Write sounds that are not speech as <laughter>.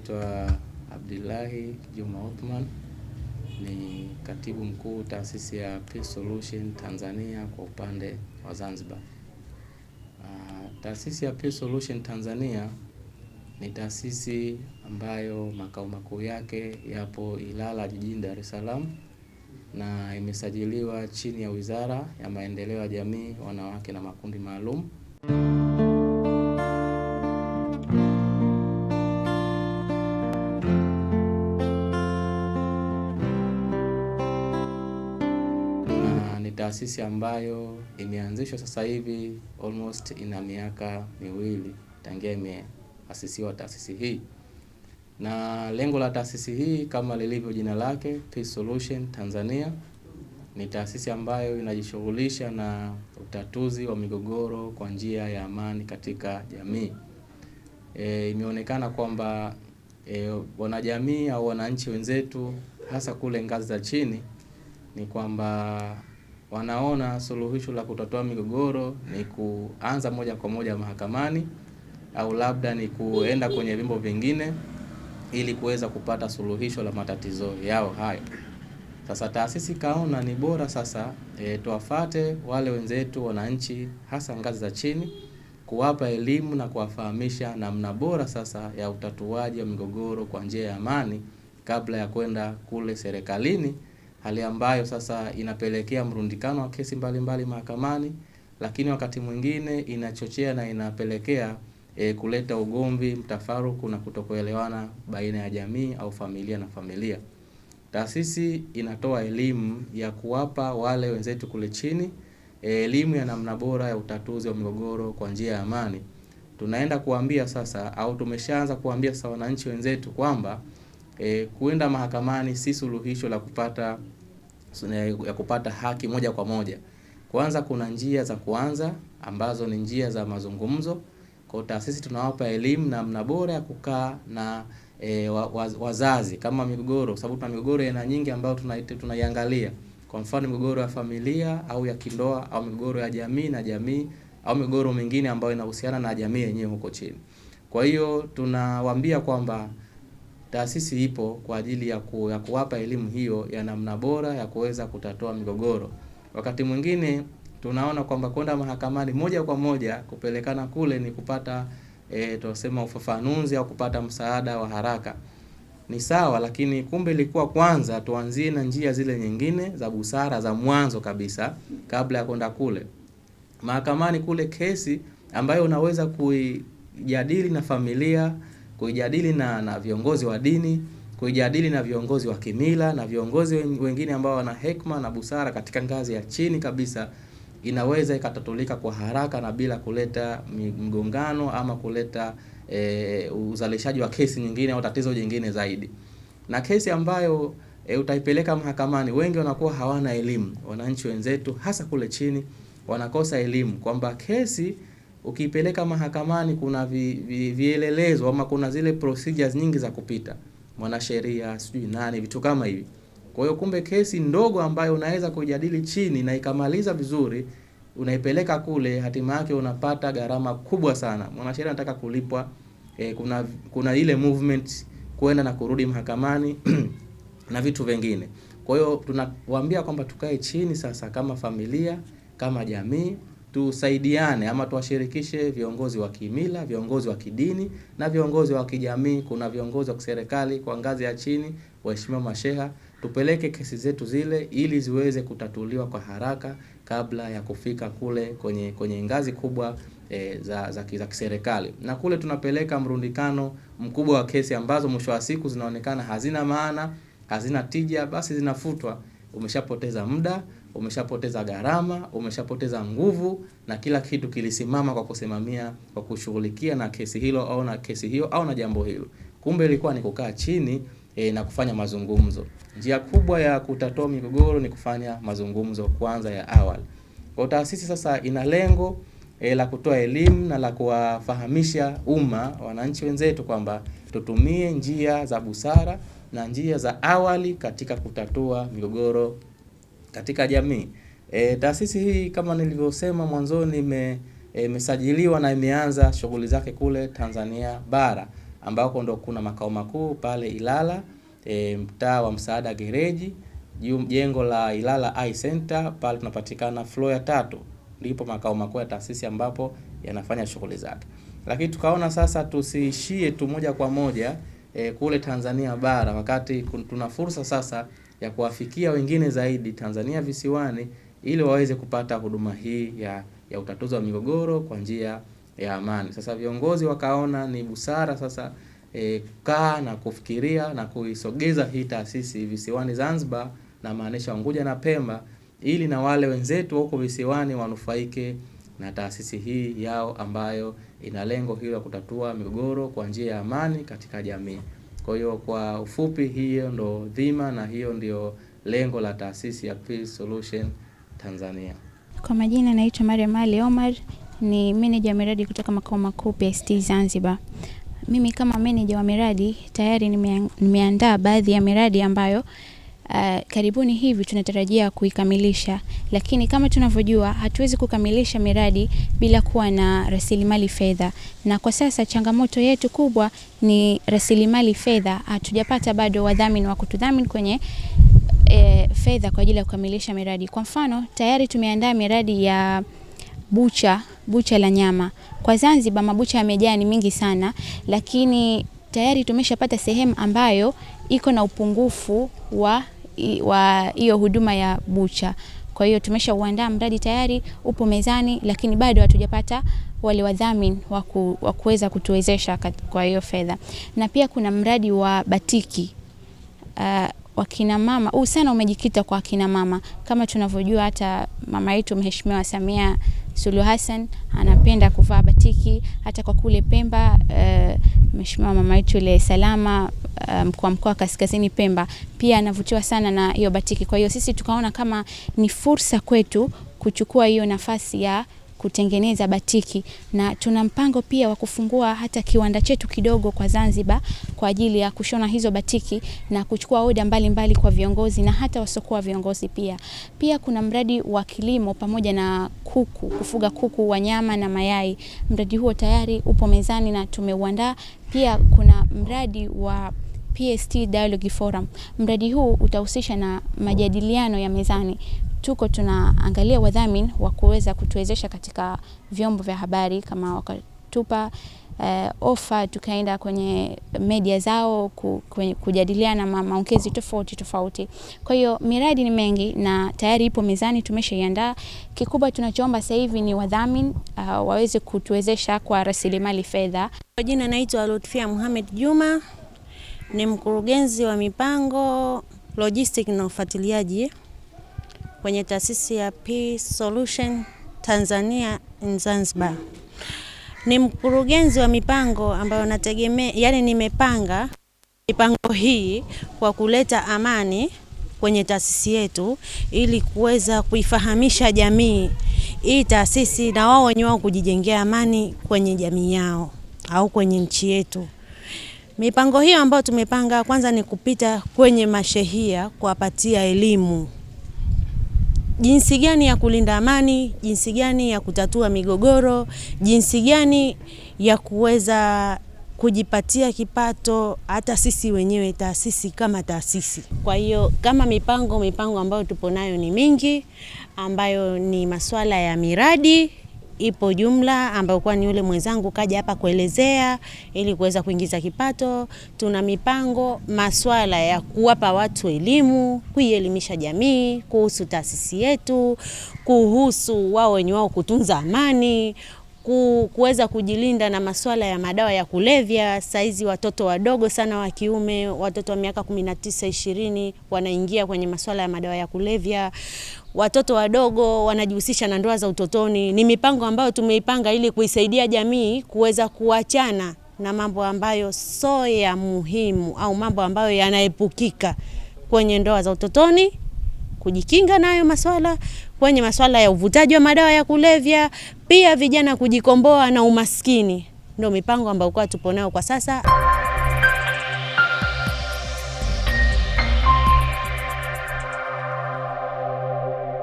Naitwa Abdullahi Juma Othman, ni katibu mkuu taasisi ya Peace Solution Tanzania kwa upande wa Zanzibar. Uh, taasisi ya Peace Solution Tanzania ni taasisi ambayo makao makuu yake yapo Ilala jijini Dar es Salaam na imesajiliwa chini ya Wizara ya Maendeleo ya Jamii, Wanawake na Makundi Maalum taasisi ambayo imeanzishwa sasa hivi almost ina miaka miwili tangia imeasisiwa taasisi hii, na lengo la taasisi hii kama lilivyo jina lake Peace Solution Tanzania ni taasisi ambayo inajishughulisha na utatuzi wa migogoro kwa njia ya amani katika jamii. E, imeonekana kwamba e, wanajamii au wananchi wenzetu hasa kule ngazi za chini ni kwamba wanaona suluhisho la kutatua migogoro ni kuanza moja kwa moja mahakamani au labda ni kuenda kwenye vyombo vingine ili kuweza kupata suluhisho la matatizo yao hayo. Sasa taasisi kaona ni bora sasa e, tuwafate wale wenzetu wananchi, hasa ngazi za chini, kuwapa elimu na kuwafahamisha namna bora sasa ya utatuaji wa migogoro kwa njia ya amani kabla ya kwenda kule serikalini hali ambayo sasa inapelekea mrundikano wa kesi mbalimbali mahakamani, lakini wakati mwingine inachochea na inapelekea e, kuleta ugomvi, mtafaruku na kutokuelewana baina ya jamii au familia na familia. Taasisi inatoa elimu ya kuwapa wale wenzetu kule chini e, elimu ya namna bora ya utatuzi wa migogoro kwa njia ya amani. Tunaenda kuambia sasa au tumeshaanza kuambia sasa wananchi wenzetu kwamba e, kuenda mahakamani si suluhisho la kupata ya kupata haki moja kwa moja. Kwanza kuna njia za kuanza ambazo ni njia za mazungumzo. Kwa taasisi tunawapa elimu namna bora ya kukaa na e, wazazi kama migogoro, sababu tuna migogoro aina nyingi ambayo tunaiangalia, kwa mfano migogoro ya familia au ya kindoa au migogoro ya jamii na jamii au migogoro mingine ambayo inahusiana na jamii yenyewe huko chini. Kwa hiyo tunawaambia kwamba taasisi ipo kwa ajili ya, ku, ya kuwapa elimu hiyo ya namna bora ya kuweza kutatua migogoro. Wakati mwingine tunaona kwamba kwenda mahakamani moja kwa moja kupelekana kule ni kupata e, tunasema ufafanuzi au kupata msaada wa haraka ni sawa, lakini kumbe ilikuwa kwanza tuanzie na njia zile nyingine za busara za mwanzo kabisa kabla ya kwenda kule mahakamani. Kule kesi ambayo unaweza kuijadili na familia kuijadili na, na viongozi wa dini, kuijadili na viongozi wa kimila na viongozi wengine ambao wana hekma na busara katika ngazi ya chini kabisa, inaweza ikatatulika kwa haraka na bila kuleta mgongano ama kuleta e, uzalishaji wa kesi nyingine au tatizo jingine zaidi. Na kesi ambayo e, utaipeleka mahakamani, wengi wanakuwa hawana elimu. Wananchi wenzetu hasa kule chini wanakosa elimu kwamba kesi ukipeleka mahakamani kuna vi, vi, vielelezo ama kuna zile procedures nyingi za kupita, mwanasheria sijui nani, vitu kama hivi. Kwa hiyo kumbe kesi ndogo ambayo unaweza kujadili chini na ikamaliza vizuri, unaipeleka kule, hatima yake unapata gharama kubwa sana. Mwanasheria anataka kulipwa e, kuna, kuna ile movement kwenda na kurudi mahakamani <clears throat> na vitu vingine. Kwa hiyo tunawaambia kwamba tukae chini sasa, kama familia, kama jamii tusaidiane ama tuwashirikishe viongozi wa kimila, viongozi wa kidini na viongozi wa kijamii. Kuna viongozi wa kiserikali kwa ngazi ya chini, waheshimiwa masheha, tupeleke kesi zetu zile ili ziweze kutatuliwa kwa haraka kabla ya kufika kule kwenye, kwenye ngazi kubwa e, za, za, za kiserikali, na kule tunapeleka mrundikano mkubwa wa kesi ambazo mwisho wa siku zinaonekana hazina maana, hazina tija, basi zinafutwa. Umeshapoteza muda umeshapoteza gharama, umeshapoteza nguvu na kila kitu kilisimama kwa kusimamia kwa kushughulikia na kesi hilo au na kesi hiyo au na jambo hilo. Kumbe ilikuwa ni kukaa chini e, na kufanya mazungumzo. Njia kubwa ya kutatua migogoro ni kufanya mazungumzo kwanza ya awali. Kwa taasisi sasa ina lengo e, la kutoa elimu na la kuwafahamisha umma, wananchi wenzetu kwamba tutumie njia za busara na njia za awali katika kutatua migogoro katika jamii. E, taasisi hii kama nilivyosema mwanzoni e, imesajiliwa e, na imeanza shughuli zake kule Tanzania bara ambako ndo kuna makao makuu pale Ilala e, mtaa wa Msaada Gereji, jengo la Ilala Eye Center pale tunapatikana floor ya tatu, ndipo makao makuu ya taasisi ambapo yanafanya shughuli zake. Lakini tukaona sasa tusiishie tu moja kwa moja e, kule Tanzania bara, wakati tuna fursa sasa ya kuwafikia wengine zaidi Tanzania visiwani ili waweze kupata huduma hii ya, ya utatuzi wa migogoro kwa njia ya amani. Sasa viongozi wakaona ni busara sasa e, kukaa na kufikiria na kuisogeza hii taasisi visiwani Zanzibar, na maanisha Unguja na Pemba, ili na wale wenzetu huko visiwani wanufaike na taasisi hii yao ambayo ina lengo hilo la kutatua migogoro kwa njia ya amani katika jamii. Kwa hiyo kwa ufupi, hiyo ndo dhima na hiyo ndio lengo la taasisi ya Peace Solution Tanzania. Kwa majina naitwa Mariam Ali Omar, ni meneja miradi kutoka makao makuu PST Zanzibar. Mimi kama meneja wa miradi tayari nimeandaa baadhi ya miradi ambayo uh, karibuni hivi tunatarajia kuikamilisha, lakini kama tunavyojua hatuwezi kukamilisha miradi bila kuwa na rasilimali fedha, na kwa sasa changamoto yetu kubwa ni rasilimali fedha. Hatujapata bado wadhamini wa kutudhamini kwenye e, fedha kwa ajili ya kukamilisha miradi. Kwa mfano, tayari tumeandaa miradi ya bucha bucha la nyama kwa Zanzibar, mabucha yamejaa ni mingi sana, lakini tayari tumeshapata sehemu ambayo iko na upungufu wa wa hiyo huduma ya bucha. Kwa hiyo tumesha uandaa mradi tayari, upo mezani, lakini bado hatujapata wale wadhamini wa kuweza kutuwezesha kwa hiyo fedha. Na pia kuna mradi wa batiki uh, wakina mama huu sana umejikita kwa akina mama, kama tunavyojua hata mama yetu Mheshimiwa Samia Suluhu Hassan anapenda kuvaa batiki hata kwa kule Pemba. Uh, mheshimiwa mama yetu ile Salama eh, mkuu wa mkoa wa Kaskazini Pemba pia anavutiwa sana na hiyo batiki. Kwa hiyo sisi tukaona kama ni fursa kwetu kuchukua hiyo nafasi ya kutengeneza batiki, na tuna mpango pia wa kufungua hata kiwanda chetu kidogo kwa Zanzibar kwa ajili ya kushona hizo batiki na kuchukua oda mbalimbali kwa viongozi na hata wasokuwa viongozi pia. Pia kuna mradi wa kilimo pamoja na kuku, kufuga kuku wa nyama na mayai. Mradi huo tayari upo mezani na tumeuandaa. Pia kuna mradi wa PST Dialogue Forum. Mradi huu utahusisha na majadiliano ya mezani tuko tunaangalia wadhamini wa kuweza kutuwezesha katika vyombo vya habari kama wakatupa uh, ofa tukaenda kwenye media zao ku, kwenye, kujadiliana maongezi tofauti tofauti. Kwa hiyo miradi ni mengi na tayari ipo mezani, tumeshaiandaa. Kikubwa tunachoomba sasa hivi ni wadhamini uh, waweze kutuwezesha kwa rasilimali fedha. Kwa jina naitwa Lutfia Muhamed Juma, ni mkurugenzi wa mipango, logistic na ufuatiliaji kwenye taasisi ya Peace Solution Tanzania in Zanzibar. Ni mkurugenzi wa mipango ambayo nategemea, yani nimepanga mipango hii kwa kuleta amani kwenye taasisi yetu ili kuweza kuifahamisha jamii hii taasisi na wao wenyewe kujijengea amani kwenye jamii yao au kwenye nchi yetu. Mipango hiyo ambayo tumepanga kwanza ni kupita kwenye mashehia kuwapatia elimu jinsi gani ya kulinda amani, jinsi gani ya kutatua migogoro, jinsi gani ya kuweza kujipatia kipato hata sisi wenyewe taasisi kama taasisi. Kwa hiyo kama mipango, mipango ambayo tupo nayo ni mingi, ambayo ni masuala ya miradi ipo jumla ambayo ni yule mwenzangu kaja hapa kuelezea ili kuweza kuingiza kipato. Tuna mipango maswala ya kuwapa watu elimu, kuielimisha jamii kuhusu taasisi yetu, kuhusu wao wenye wao kutunza amani kuweza kujilinda na masuala ya madawa ya kulevya. Saizi watoto wadogo sana wa kiume, watoto wa miaka 19 20, wanaingia kwenye masuala ya madawa ya kulevya. Watoto wadogo wanajihusisha na ndoa za utotoni. Ni mipango ambayo tumeipanga ili kuisaidia jamii kuweza kuachana na mambo ambayo so ya muhimu au mambo ambayo yanaepukika kwenye ndoa za utotoni kujikinga nayo maswala kwenye maswala ya uvutaji wa madawa ya kulevya, pia vijana kujikomboa na umaskini. Ndio mipango ambayo kwa tupo nayo kwa sasa.